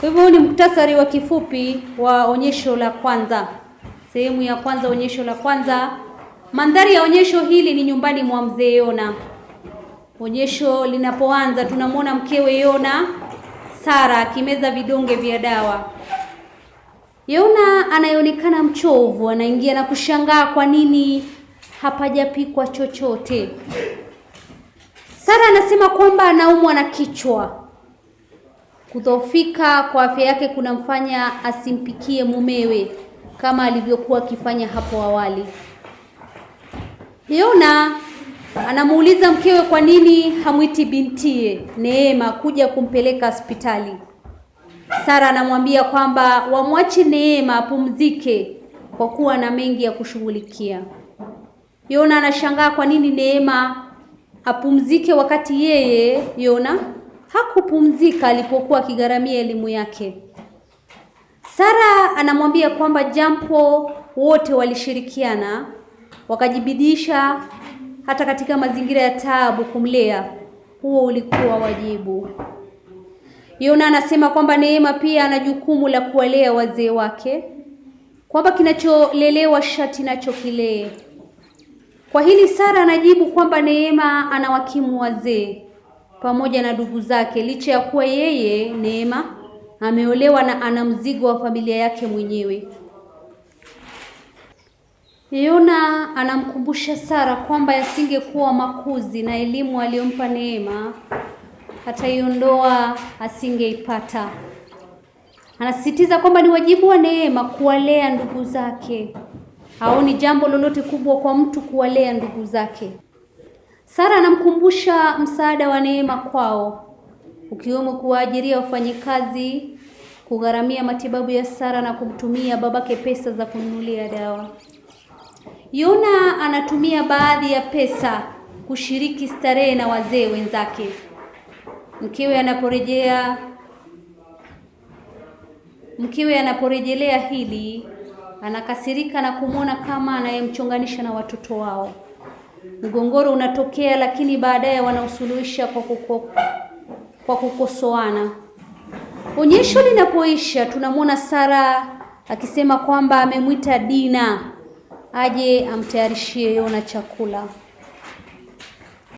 Kwa hivyo ni muktasari wa kifupi wa onyesho la kwanza, sehemu ya kwanza, onyesho la kwanza. Mandhari ya onyesho hili ni nyumbani mwa mzee Yona. Onyesho linapoanza, tunamwona mkewe Yona Sara akimeza vidonge vya dawa. Yona anayeonekana mchovu anaingia na kushangaa kwa nini hapajapikwa chochote. Sara anasema kwamba anaumwa na kichwa. Kudhoofika kwa afya yake kunamfanya asimpikie mumewe kama alivyokuwa akifanya hapo awali. yona anamuuliza mkewe kwa nini hamwiti bintie Neema kuja kumpeleka hospitali. Sara anamwambia kwamba wamwache Neema apumzike kwa kuwa na mengi ya kushughulikia. Yona anashangaa kwa nini Neema apumzike wakati yeye Yona hakupumzika alipokuwa akigharamia elimu yake. Sara anamwambia kwamba jampo wote walishirikiana wakajibidisha hata katika mazingira ya taabu kumlea, huo ulikuwa wajibu. Yona anasema kwamba Neema pia ana jukumu la kuwalea wazee wake, kwamba kinacholelewa shati nacho kilee. Kwa hili Sara anajibu kwamba Neema anawakimu wazee pamoja na ndugu zake, licha ya kuwa yeye Neema ameolewa na ana mzigo wa familia yake mwenyewe. Yona anamkumbusha Sara kwamba yasingekuwa makuzi na elimu aliyompa Neema, hata hiyo ndoa asingeipata. Anasisitiza kwamba ni wajibu wa Neema kuwalea ndugu zake. Haoni jambo lolote kubwa kwa mtu kuwalea ndugu zake. Sara anamkumbusha msaada wa neema kwao, ukiwemo kuwaajiria wafanyikazi, kugharamia matibabu ya Sara na kumtumia babake pesa za kununulia dawa. Yona anatumia baadhi ya pesa kushiriki starehe na wazee wenzake. Mkewe anaporejea mkewe anaporejelea hili anakasirika na kumwona kama anayemchonganisha na watoto wao mgongoro unatokea, lakini baadaye wanausuluhisha kwa kuko, kwa kukosoana. Onyesho linapoisha, tunamwona Sara akisema kwamba amemwita Dina aje amtayarishie Yona chakula.